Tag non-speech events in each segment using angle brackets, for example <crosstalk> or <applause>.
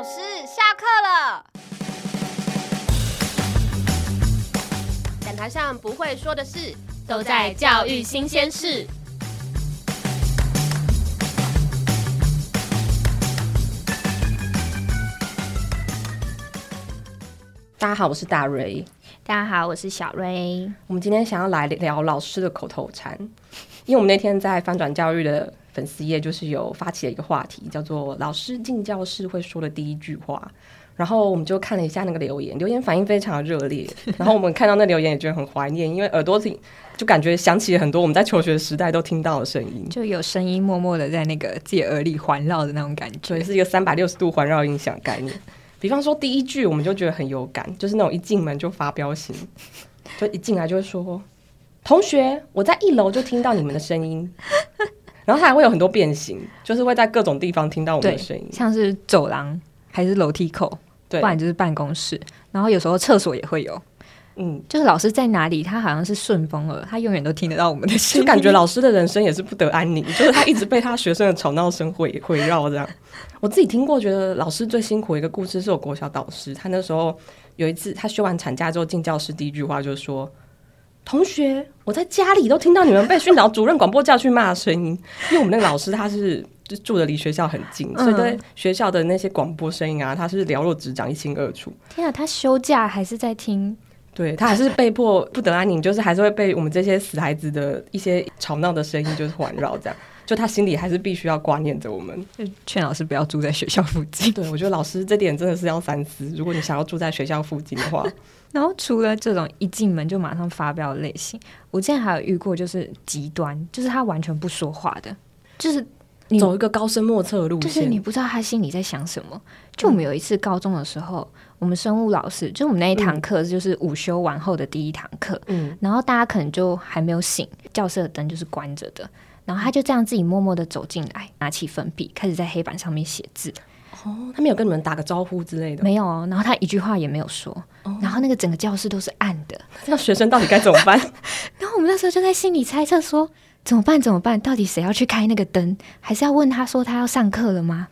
老師下課了。講台上不會說的事，都在教育新鮮事。大家好，我是大瑞。大家好，我是小瑞。我們今天想要來聊老師的口頭禪，因為我們那天在翻轉教育的。粉絲頁就是有發起了一個話題，叫做“老師進教室會說的第一句話”，然後我們就看了一下那個留言，留言反應非常的熱烈。 <laughs> 然後我們看到那留言也覺得很懷念，因為耳朵裡就感覺想起了很多我們在求學時代都聽到的聲音，就有聲音默默的在那個耳裡環繞的那種感覺，是一個三百六十度環繞音響概念。 <laughs> 比方說第一句，我們就覺得很有感，就是那種一進門就發飆型，就一進來就會說：“同學，我在一樓就聽到你們的聲音。 <laughs> ”然後他還會有很多變形，就是會在各種地方聽到我們的聲音，像是走廊還是樓梯口，對，不然就是辦公室。然後有時候廁所也會有，嗯，就是老師在哪裡，他好像是順風耳，他永遠都聽得到我們的聲音。就感覺老師的人生也是不得安寧，就是他一直被他學生的吵鬧聲回回 <laughs> 繞這樣。我自己聽過，覺得老師最辛苦的一個故事是我國小導師，他那時候有一次他休完產假之後進教室，第一句話就是說。同學，我在家裡都聽到你們被訓導主任廣播叫去罵的聲音， <laughs> 因為我們那個老師他是就住的離學校很近，嗯，所以對學校的那些廣播聲音啊，他是瞭若指掌，一清二楚。天啊，他休假還是在聽？對，他還是被迫不得安寧，就是還是會被我們這些死孩子的一些吵鬧的聲音就是環繞，這樣 <laughs> 就他心裡還是必須要掛念着我們。就勸老師不要住在學校附近。對，我覺得老師這點真的是要三思，如果你想要住在學校附近的話。 <laughs> 然後除了這種一進門就馬上發飆的類型，我之前還有遇過，就是極端，就是他完全不說話的，就是你走一個高深莫測的路線，就是你不知道他心裡在想什麼。就我們有一次高中的時候，嗯，我們生物老師，就我們那一堂課就是午休完後的第一堂課，嗯，然後大家可能就還沒有醒，教室的燈就是關着的，然後他就這樣自己默默的走進來，拿起粉筆開始在黑板上面寫字。哦，他沒有跟你們打個招呼之類的，沒有哦。然後他一句話也沒有說，哦、然後那個整個教室都是暗的，那，那學生到底該怎麼辦？ <laughs> 然後我們那時候就在心裡猜測說，怎麼辦？怎麼辦？到底誰要去開那個燈，還是要問他說他要上課了嗎？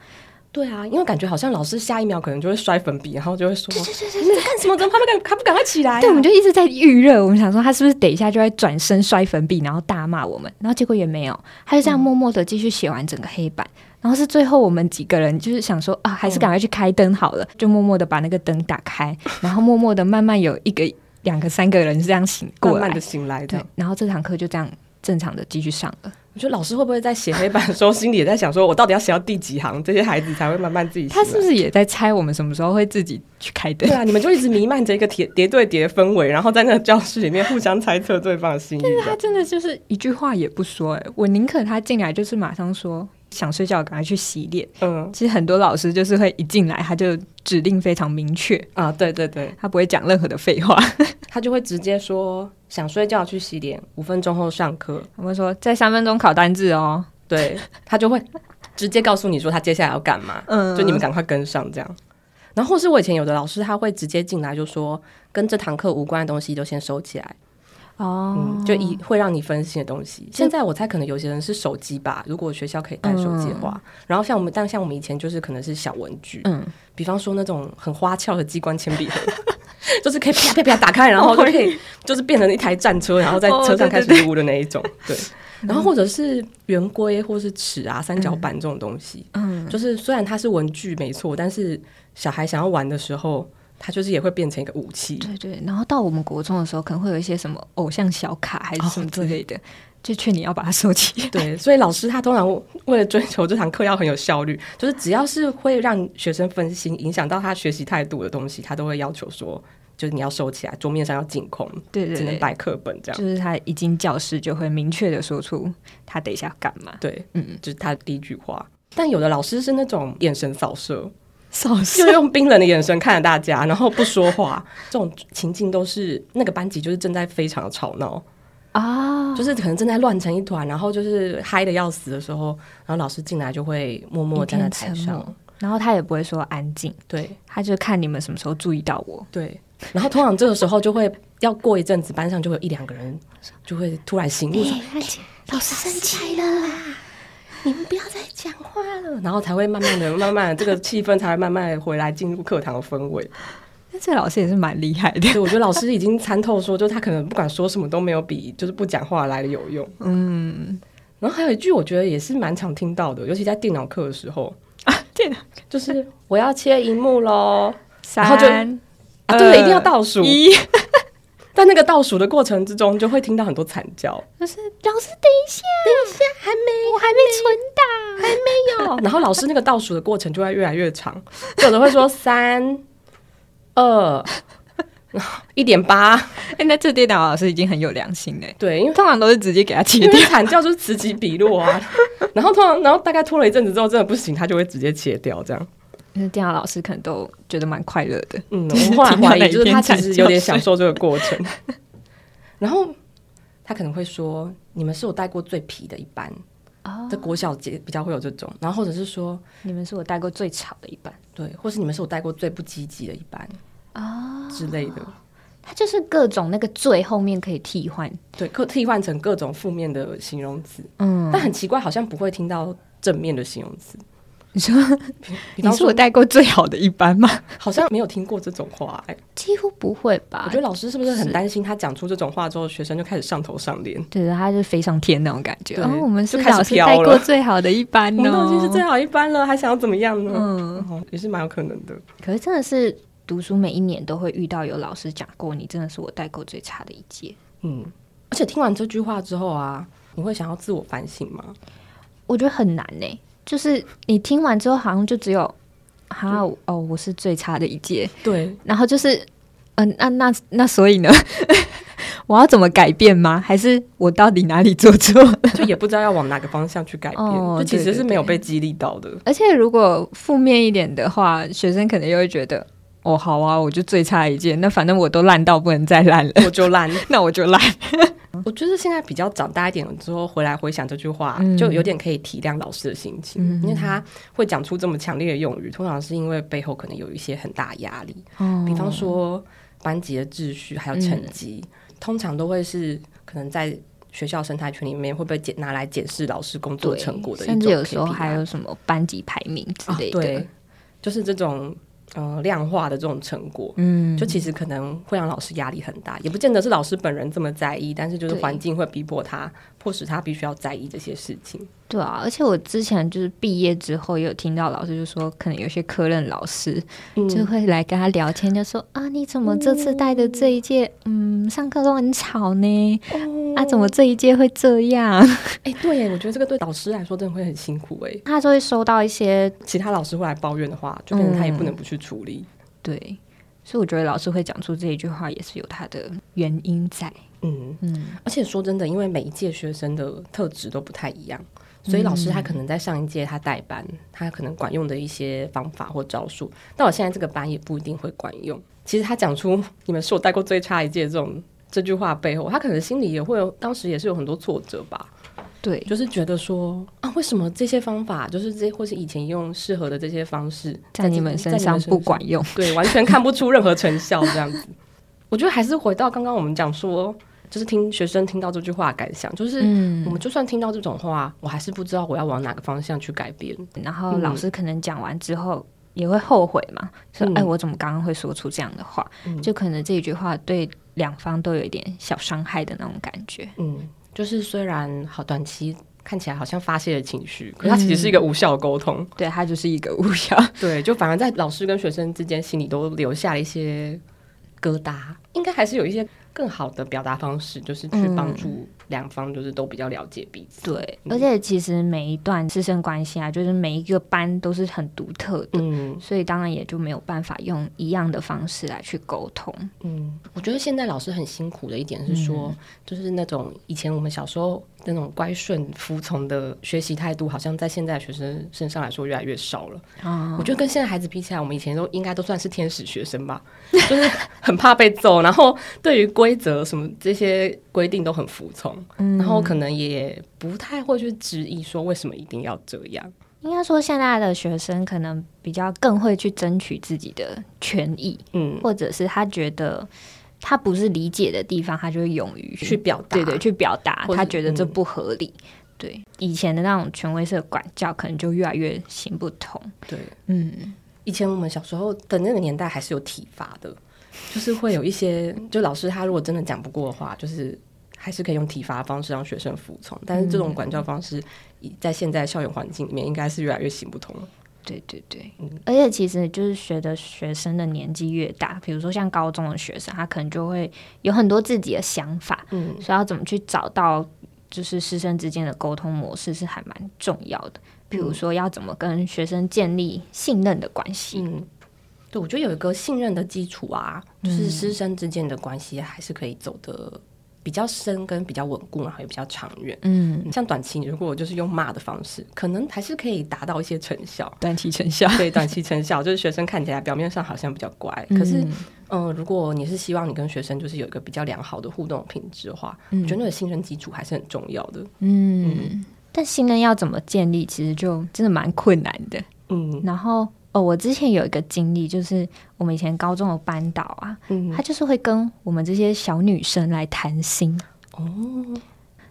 對啊，因為感覺好像老師下一秒可能就會摔粉筆，然後就會說，是是是你在幹什麼？怎麼還不趕還不趕快起來，啊對？對，我們就一直在預熱，我們想說他是不是等一下就會轉身摔粉筆，然後大罵我們，然後結果也沒有，他就這樣默默的繼續寫完整個黑板。嗯然後是最後，我們幾個人就是想說啊，還是趕快去開燈好了，嗯、就默默的把那個燈打開， <laughs> 然後默默的慢慢有一個、兩個、三個人這樣醒過來，慢慢的醒來的對。然後這堂課就這樣正常的繼續上了。我覺得老師會不會在寫黑板的時候， <laughs> 心裡也在想，說我到底要寫到第幾行， <laughs> 這些孩子才會慢慢自己醒？他是不是也在猜我們什麼時候會自己去開燈？ <laughs> 對啊，你們就一直瀰漫着一個諜對諜的氛圍，然後在那個教室裡面互相猜測對方的心意。因為他真的就是一句話也不說、欸，誒，我寧可他進來就是馬上說。想睡覺，趕快去洗臉。嗯，其實很多老師就是會一進來，他就指令非常明確啊。對對對，他不會講任何的廢話，他就會直接說想睡覺去洗臉，五分鐘後上課。他會說再三分鐘考單字哦。對，他就會直接告訴你說他接下來要幹嘛。嗯，就你們趕快跟上這樣。然後或是我以前有的老師，他會直接進來就說跟這堂課無關的東西都先收起來。哦、oh，嗯，就一，會讓你分心的東西。現在我猜可能有些人是手機吧。如果學校可以帶手機的話、嗯，然後像我們，但像我們以前就是可能是小文具，嗯，比方說那種很花俏的機關鉛筆盒、嗯，就是可以啪啪啪，啪打開， <laughs> 然後就可以就是變成一台戰車，oh, okay. 然後在車上開始溜的那一種、oh, 對對對，對。然後或者是圓規，或是尺啊、嗯、三角板這種東西，嗯，就是雖然它是文具沒錯，但是小孩想要玩的時候。他就是也會變成一個武器，對對。然後到我們國中的時候，可能會有一些什麼偶像小卡還是什麼之類的，oh, 對的就勸你要把它收起。對， <laughs> 所以老師他通常為了追求這堂課要很有效率，就是只要是會讓學生分心、影響到他學習態度的東西，他都會要求說，就是你要收起來，桌面上要淨空，對，對對，只能擺課本這樣。就是他一進教室就會明確地說出他等一下幹嘛。對，嗯，就是他的第一句話。但有的老師是那種眼神掃射。 <laughs> 又用冰冷的眼神看着大家，然後不說話。 <laughs> 這種情境，都是那個班級就是正在非常的吵鬧啊，oh. 就是可能正在亂成一團，然後就是嗨的要死的時候，然後老師進來就會默默站在台上，然後他也不會說安靜，對，他就看你們什麼時候注意到我。對，然後通常這個時候就會要過一陣子，班上就會有一兩個人就會突然醒悟， <laughs> 欸、然 <laughs> 老師生氣了啦。你們不要再講話了，然後才會慢慢的、慢慢的這個氣氛才會慢慢回來，進入課堂的氛圍。那 <laughs> 這個老師也是蠻厲害的，我覺得老師已經參透，說就他可能不管說什麼都沒有比就是不講話來的有用。嗯，然後還有一句，我覺得也是蠻常聽到的，尤其在電腦課的時候啊，電腦就是我要切熒幕嘍，然後就、呃、啊，對了，一定要倒數一。在那個倒數的過程之中，就會聽到很多慘叫，就是老師，老師等一下，等一下還沒，我還沒，還沒存檔，還沒有。 <laughs> 然後老師那個倒數的過程就會越來越長，有的會說三 <laughs> 二一點八，哎、欸，那這電腦老師已經很有良心了、欸、對，因為通常都是直接給他切掉，慘叫就是此起彼落啊。 <laughs> 然後突然，然後大概拖了一陣子之後，真的不行，他就會直接切掉這樣。那電腦老師可能都覺得蠻快樂的，嗯，無化懷疑就是他其實有點享受這個過程。 <laughs> <laughs> 然後他可能會說：“你們是我帶過最皮的一班啊，在、哦、國小姐比較會有這種，然後或者是說你們是我帶過最吵的一班，對，或是你們是我帶過最不積極的一班啊、哦、之類的。”他就是各種那個最後面可以替換，對，可替換成各種負面的形容詞，嗯，但很奇怪，好像不會聽到正面的形容詞。你說，說你是我帶過最好的一班嗎？好像沒有聽過這種話誒，幾乎不會吧？我覺得老師是不是很擔心他講出這種話之後，學生就開始上頭上臉？對的，他就飛上天那種感覺。然後我們是老師帶過最好的一班，其實最好一班了，還想要怎麼樣呢？嗯，也是蠻有可能的。可是真的是讀書每一年都會遇到有老師講過你，你真的是我帶過最差的一屆。嗯，而且聽完這句話之後啊，你會想要自我反省嗎？我覺得很難呢。就是你聽完之後，好像就只有哈哦，我是最差的一屆，對。然後就是，嗯、呃，那那那，那所以呢， <laughs> 我要怎麼改變嗎？還是我到底哪裡做錯？就也不知道要往哪個方向去改變，哦、就其實是沒有被激勵到的對對對。而且如果負面一點的話，學生可能又會覺得。哦、oh,，好啊，我就最差一屆。那反正我都爛到不能再爛了，我就爛， <laughs> 那我就爛。 <laughs> 我覺得現在比較長大一點了之後回來回想這句話、嗯，就有點可以體諒老師的心情、嗯，因為他會講出這麼強烈的用語，通常是因為背後可能有一些很大壓力、哦。比方說班級的秩序還有成績、嗯，通常都會是可能在學校生態群裡面會被檢拿來檢視老師工作成果的，一種。有時候還有什麼班級排名之類的、哦對，就是這種。嗯、呃，量化的這種成果，嗯，就其實可能會讓老師壓力很大，也不見得是老師本人這麼在意，但是就是環境會逼迫他，迫使他必須要在意這些事情。對啊，而且我之前就是畢業之後也有聽到老師就說，可能有些科任老師就會來跟他聊天，就說、嗯、啊，你怎麼這次帶的這一屆、嗯、嗯，上課都很吵呢？嗯啊，怎麼這一屆會這樣？誒、欸，對耶，我覺得這個對老師來說真的會很辛苦誒，他就會收到一些其他老師會來抱怨的話，就變成他也不能不去處理。嗯、對，所以我覺得老師會講出這一句話也是有他的原因在。嗯嗯，而且說真的，因為每一屆學生的特質都不太一樣，所以老師他可能在上一屆他帶班、嗯，他可能管用的一些方法或招數，但我現在這個班也不一定會管用。其實他講出“你們是我帶過最差一屆”這種。這句話背後，他可能心裡也會有，當時也是有很多挫折吧。對，就是覺得說啊，為什麼這些方法，就是這或是以前用適合的這些方式，在你們身上，在你們身上不管用，對，完全看不出任何成效這樣子。 <laughs> 我覺得還是回到剛剛我們講說，就是聽學生聽到這句話感想，就是我們就算聽到這種話，我還是不知道我要往哪個方向去改變。嗯、然後老師可能講完之後也會後悔嘛，嗯、說哎，我怎麼剛剛會說出這樣的話？嗯、就可能這一句話對。兩方都有一點小傷害的那種感覺，嗯，就是雖然好短期看起來好像發洩了情緒，可是它其實是一個無效的溝通，嗯，對，它就是一個無效， <laughs> 對，就反而在老師跟學生之間心裡都留下了一些疙瘩，應該還是有一些更好的表達方式，就是去幫助，嗯。兩方就是都比較了解彼此，對，嗯、而且其實每一段師生關係啊，就是每一個班都是很獨特的，嗯，所以當然也就沒有辦法用一樣的方式來去溝通，嗯，我覺得現在老師很辛苦的一點是說，嗯、就是那種以前我們小時候那種乖順服從的學習態度，好像在現在的學生身上來說越來越少了，啊、哦，我覺得跟現在孩子比起來，我們以前都應該都算是天使學生吧， <laughs> 就是很怕被揍，然後對於規則什麼這些規定都很服從。嗯，然後可能也不太會去質疑說為什麼一定要這樣？應該說現在的學生可能比較更會去爭取自己的權益，嗯，或者是他覺得他不是理解的地方，他就會勇於去,去表達，對對，去表達，他覺得這不合理，嗯。對，以前的那種權威式的管教可能就越來越行不通。對，嗯，以前我們小時候的那個年代還是有體罰的，就是會有一些， <laughs> 就老師他如果真的講不過的話，就是。還是可以用體罰方式讓學生服從，但是這種管教方式在現在的校園環境裡面應該是越來越行不通了，嗯。對對對，嗯，而且其實就是學的學生的年紀越大，比如說像高中的學生，他可能就會有很多自己的想法，嗯，所以要怎麼去找到就是師生之間的溝通模式是還蠻重要的。比如說要怎麼跟學生建立信任的關係，嗯嗯，對，我覺得有一個信任的基礎啊，就是師生之間的關係還是可以走的。比較深跟比較穩固，啊，然後也比較長遠。嗯，像短期，如果就是用罵的方式，可能還是可以達到一些成效。短期成效，對，短期成效， <laughs> 就是學生看起來表面上好像比較乖，可是，嗯、呃，如果你是希望你跟學生就是有一個比較良好的互動品質的話，我、嗯、覺得那個信任基礎還是很重要的嗯。嗯，但信任要怎麼建立，其實就真的蠻困難的。嗯，然後。哦、oh,，我之前有一個經歷，就是我們以前高中的班導啊，mm -hmm. 他就是會跟我們這些小女生來談心。哦、oh.，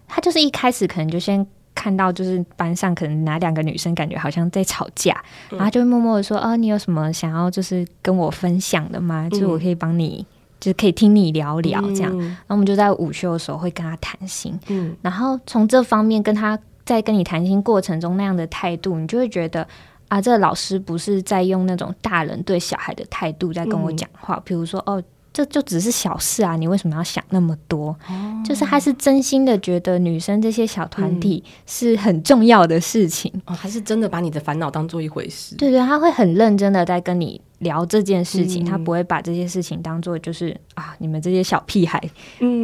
他就是一開始可能就先看到就是班上可能哪兩個女生感覺好像在吵架，mm -hmm. 然後他就會默默的說：“啊，你有什麼想要就是跟我分享的嗎？Mm -hmm. 就是我可以幫你，就是可以聽你聊聊這樣。Mm ” -hmm. 然後我們就在午休的時候會跟他談心。嗯、mm -hmm.，然後從這方面跟他在跟你談心過程中那樣的態度，你就會覺得。啊，這個老師不是在用那種大人對小孩的態度在跟我講話，比、嗯、如說哦，這就只是小事啊，你為什麼要想那麼多？哦、就是他是真心的覺得女生這些小團體是很重要的事情，哦，還是真的把你的煩惱當做一回事？對對，他會很認真的在跟你聊這件事情，嗯、他不會把這些事情當做就是啊，你們這些小屁孩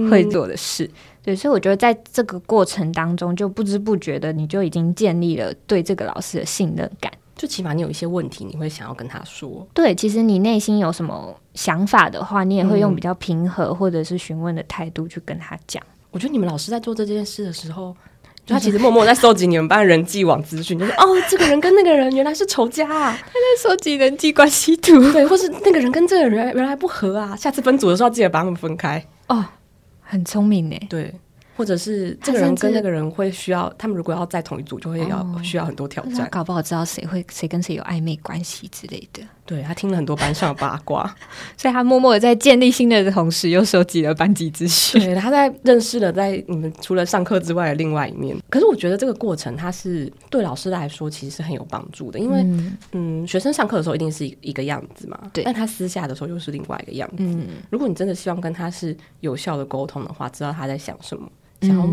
會做的事。嗯。對，所以我覺得在這個過程當中，就不知不覺的你就已經建立了對這個老師的信任感。就起碼你有一些問題，你會想要跟他說。對，其實你內心有什麼想法的話，你也會用比較平和、嗯、或者是詢問的態度去跟他講。我覺得你們老師在做這件事的時候，嗯就是、他其實默默在收集你們班人際網資訊， <laughs> 就是哦，這個人跟那個人原來是仇家啊， <laughs> 他在收集人際關係圖，對，或是那個人跟這個人原來不合啊，下次分組的時候記得把他們分開。哦，很聰明耶，對。或者是這個人跟那個人會需要，他，他們如果要在同一組，就會要需要很多挑戰。哦、搞不好知道誰會誰跟誰有曖昧關係之類的。對，他聽了很多班上的八卦， <laughs> 所以他默默的在建立信任的同時，又收集了班級資訊。對，他在認識了在你們除了上課之外的另外一面。可是我覺得這個過程，他是對老師來說，其實是很有幫助的，因為嗯，嗯，學生上課的時候一定是一個樣子嘛，對，但他私下的時候又是另外一個樣子、嗯。如果你真的希望跟他是有效的溝通的話，知道他在想什麼。想要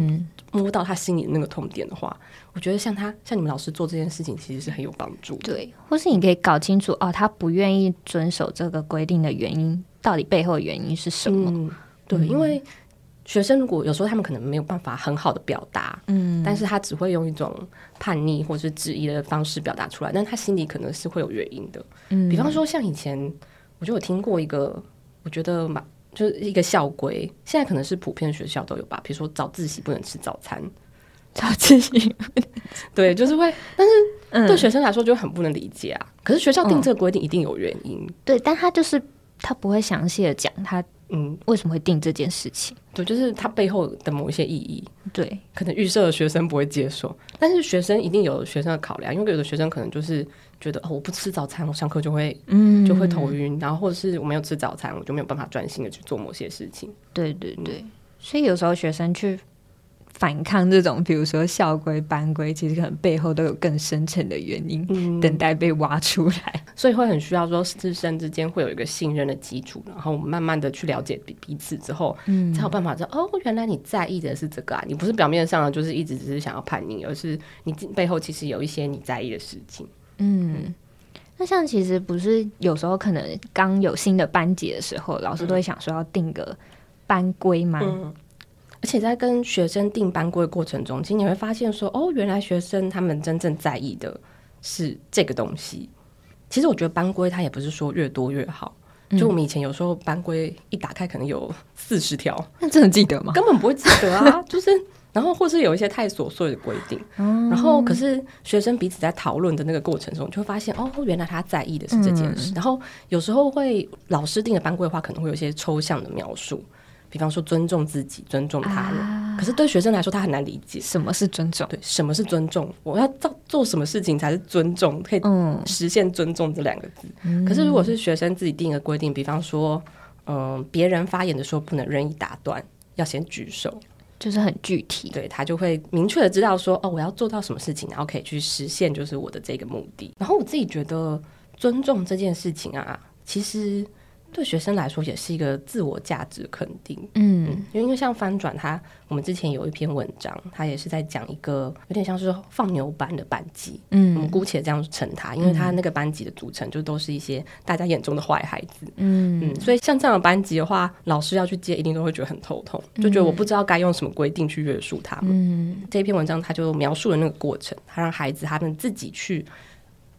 摸到他心裡的那個痛點的話，嗯、我覺得像他像你們老師做這件事情，其實是很有幫助的。對，或是你可以搞清楚哦，他不願意遵守這個規定的原因，到底背後的原因是什麼？嗯、對、嗯，因為學生如果有時候他們可能沒有辦法很好的表達，嗯，但是他只會用一種叛逆或是質疑的方式表達出來，但他心裡可能是會有原因的。嗯，比方說像以前，我就有聽過一個，我覺得蠻。就是一個校規，現在可能是普遍的學校都有吧，比如說早自習不能吃早餐，早自習， <laughs> 對，就是會，嗯，但是對學生來說就很不能理解啊。可是學校定這個規定一定有原因。嗯，對，但他就是他不會詳細的講他。嗯，為什麼會定這件事情？對，就是它背後的某一些意義。對，可能預設的學生不會接受，但是學生一定有學生的考量，因為有的學生可能就是覺得哦，我不吃早餐，我上課就會，嗯，就會頭暈，然後或者是我沒有吃早餐，我就沒有辦法專心的去做某些事情。對對對，嗯，所以有時候學生去。反抗這種，比如說校規班規，其實可能背後都有更深層的原因、嗯，等待被挖出來。所以會很需要說，師生之間會有一個信任的基礎，然後慢慢的去了解彼此之後，嗯、才有辦法說哦，原來你在意的是這個啊，你不是表面上就是一直只是想要叛逆，而是你背後其實有一些你在意的事情。嗯，那像其實不是有時候可能剛有新的班級的時候，老師都會想說要定個班規嗎？嗯而且在跟學生訂班規的過程中，其實你會發現說，哦，原來學生他們真正在意的是這個東西。其實我覺得班規它也不是說越多越好。就我們以前有時候班規一打開可能有四十條，那真的記得嗎？根本不會記得啊。 <laughs> 就是，然後或是有一些太瑣碎的規定、嗯。然後可是學生彼此在討論的那個過程中，就會發現，哦，原來他在意的是這件事。嗯、然後有時候會老師定的班規的話，可能會有一些抽象的描述。比方說尊重自己，尊重他人，啊、可是對學生來說他很難理解什麼是尊重。對，什麼是尊重？我要做做什麼事情才是尊重？可以實現尊重這兩個字、嗯。可是如果是學生自己定一個規定、嗯，比方說，嗯、呃，別人發言的時候不能任意打斷，要先舉手，就是很具體。對，他就會明確的知道說，哦，我要做到什麼事情，然後可以去實現，就是我的這個目的。然後我自己覺得尊重這件事情啊，其實。對學生來說也是一個自我價值肯定，嗯，因為、嗯、因為像翻轉他，我們之前有一篇文章，他也是在講一個有點像是放牛班的班級，嗯，我們姑且這樣稱他，因為他那個班級的組成就都是一些大家眼中的壞孩子，嗯、嗯，所以像這樣的班級的話，老師要去接一定都會覺得很頭痛，就覺得我不知道該用什麼規定去約束他們。嗯，這一篇文章他就描述了那個過程，他讓孩子他們自己去。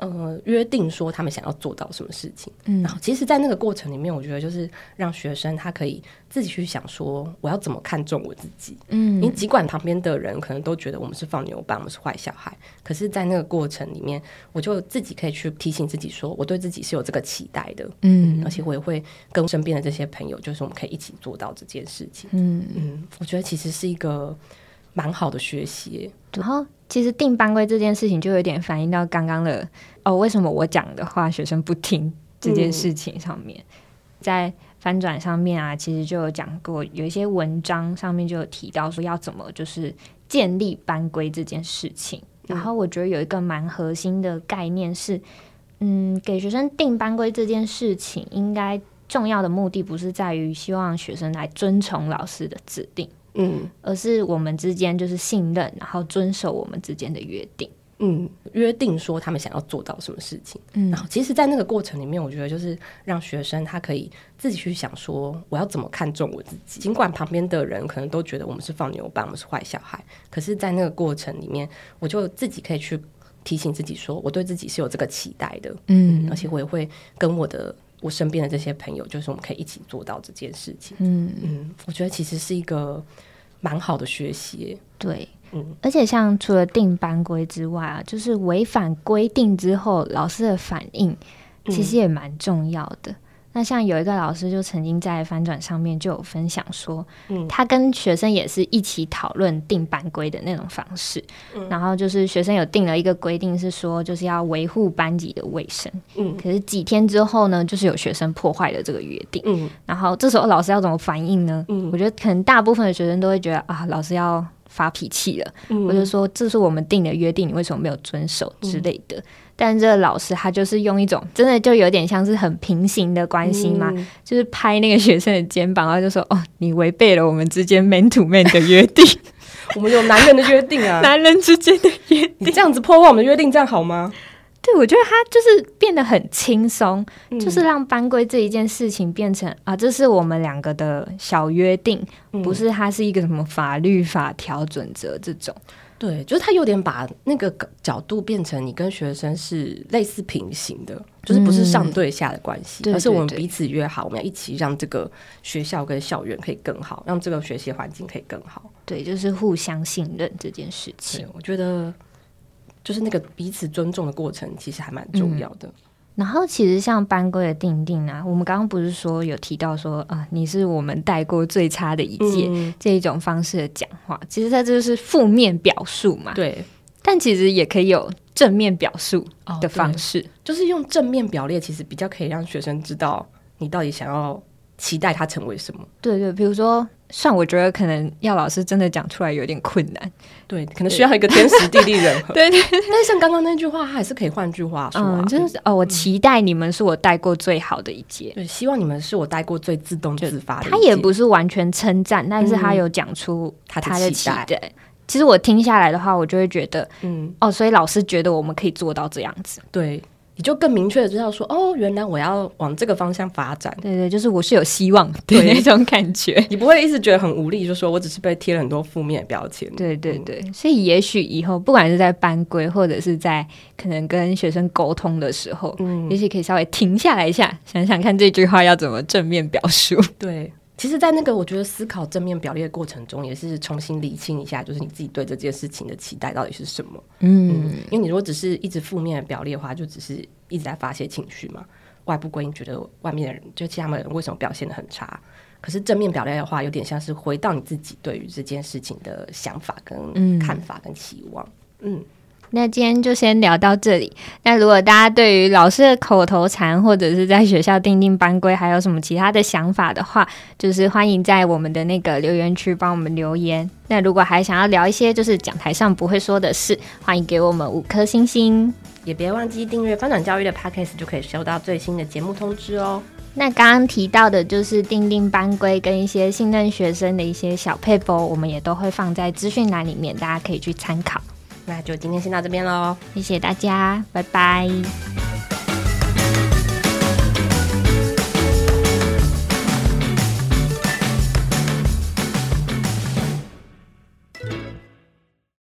呃，約定說他們想要做到什麼事情，嗯，然後其實，在那個過程裡面，我覺得就是讓學生他可以自己去想，說我要怎麼看重我自己。嗯，你儘管旁邊的人可能都覺得我們是放牛班，我們是壞小孩，可是在那個過程裡面，我就自己可以去提醒自己，說我對自己是有這個期待的。嗯，而且我也會跟身邊的這些朋友，就是我們可以一起做到這件事情。嗯嗯，我覺得其實是一個。蠻好的學習，然後其實定班規這件事情就有點反映到剛剛的哦，為什麼我講的話學生不聽這件事情上面，嗯、在翻轉上面啊，其實就有講過，有一些文章上面就有提到說要怎麼就是建立班規這件事情。嗯，然後我覺得有一個蠻核心的概念是，嗯，給學生定班規這件事情應該重要的目的不是在於希望學生來遵從老師的指定。嗯，而是我們之間就是信任，然後遵守我們之間的約定。嗯，約定說他們想要做到什麼事情。嗯，然後其實，在那個過程裡面，我覺得就是讓學生他可以自己去想說，我要怎麼看重我自己。儘管旁邊的人可能都覺得我們是放牛班，我們是壞小孩，可是在那個過程裡面，我就自己可以去提醒自己，說我對自己是有這個期待的。嗯，嗯，而且我也會跟我的。我身邊的這些朋友，就是我們可以一起做到這件事情。嗯嗯，我覺得其實是一個蠻好的學習。對，嗯，而且像除了定班規之外啊，就是違反規定之後老師的反應，其實也蠻重要的。嗯那像有一個老師就曾經在翻轉上面就有分享說、嗯，他跟學生也是一起討論定班規的那種方式、嗯，然後就是學生有定了一個規定是說就是要維護班級的衛生、嗯，可是幾天之後呢，就是有學生破壞了這個約定、嗯，然後這時候老師要怎麼反應呢、嗯？我覺得可能大部分的學生都會覺得啊，老師要。發脾氣了、嗯，我就說這是我們定的約定，你為什麼沒有遵守之類的？嗯、但這個老師他就是用一種真的就有點像是很平行的關係嘛、嗯，就是拍那個學生的肩膀，然後就說：“哦，你違背了我們之間 Man to Man 的約定， <laughs> 我們有男人的約定啊， <laughs> 男人之間的約定，你這樣子破壞我們的約定，這樣好嗎？”對，我覺得他就是變得很輕鬆、嗯，就是讓班規這一件事情變成啊，這是我們兩個的小約定，嗯、不是他是一個什麼法律法條準則這種。對，就是他有點把那個角度變成你跟學生是類似平行的，就是不是上對下的關係、嗯，而是我們彼此約好，對對對，我們要一起讓這個學校跟校園可以更好，讓這個學習環境可以更好。對，就是互相信任這件事情，對，我覺得。就是那個彼此尊重的過程，其實還蠻重要的。嗯、然後，其實像班規的訂定啊，我們剛剛不是說有提到說，啊，你是我們帶過最差的一屆、嗯、這一種方式的講話，其實它就是負面表述嘛。對，但其實也可以有正面表述的方式，哦、就是用正面表列，其實比較可以讓學生知道你到底想要。期待他成為什麼？對對，比如說，像我覺得可能要老師真的講出來有點困難，對，對可能需要一個天時地利人和。 <laughs> 對，對對， <laughs> 但是像剛剛那句話，他還是可以換句話說、啊嗯、就是、嗯、哦，我期待你們是我帶過最好的一屆，對，希望你們是我帶過最自動自發的一屆。他也不是完全稱讚，但是他有講出、嗯、他，的他的期待。其實我聽下來的話，我就會覺得，嗯，哦，所以老師覺得我們可以做到這樣子，對。你就更明確的知道說，哦，原來我要往這個方向發展。對對，對，就是我是有希望的那種感覺。 <laughs> 你不會一直覺得很無力，就說我只是被貼了很多負面的標籤。對對對，嗯，所以也許以後不管是在班規，或者是在可能跟學生溝通的時候，嗯，也許可以稍微停下來一下，想想看這句話要怎麼正面表述。對。其實，在那個我覺得思考正面表列的過程中，也是重新理清一下，就是你自己對這件事情的期待到底是什麼。嗯，因為你如果只是一直負面表列的話，就只是一直在發泄情緒嘛。外部歸因，覺得外面的人，就其他的人為什麼表現得很差？可是正面表列的話，有點像是回到你自己對於這件事情的想法、跟看法、跟期望。嗯。那今天就先聊到這裡。那如果大家對於老師的口頭禪或者是在學校訂定班規，還有什麼其他的想法的話，就是歡迎在我們的那個留言區幫我們留言。那如果還想要聊一些就是講台上不會說的事，歡迎給我們五顆星星，也別忘記訂閱翻轉教育的 Podcast 就可以收到最新的節目通知哦。那剛剛提到的就是訂定班規跟一些信任學生的一些小撇步，我們也都會放在資訊欄裡面，大家可以去參考。那就今天先到這邊嘍，謝謝大家，拜拜。拜拜。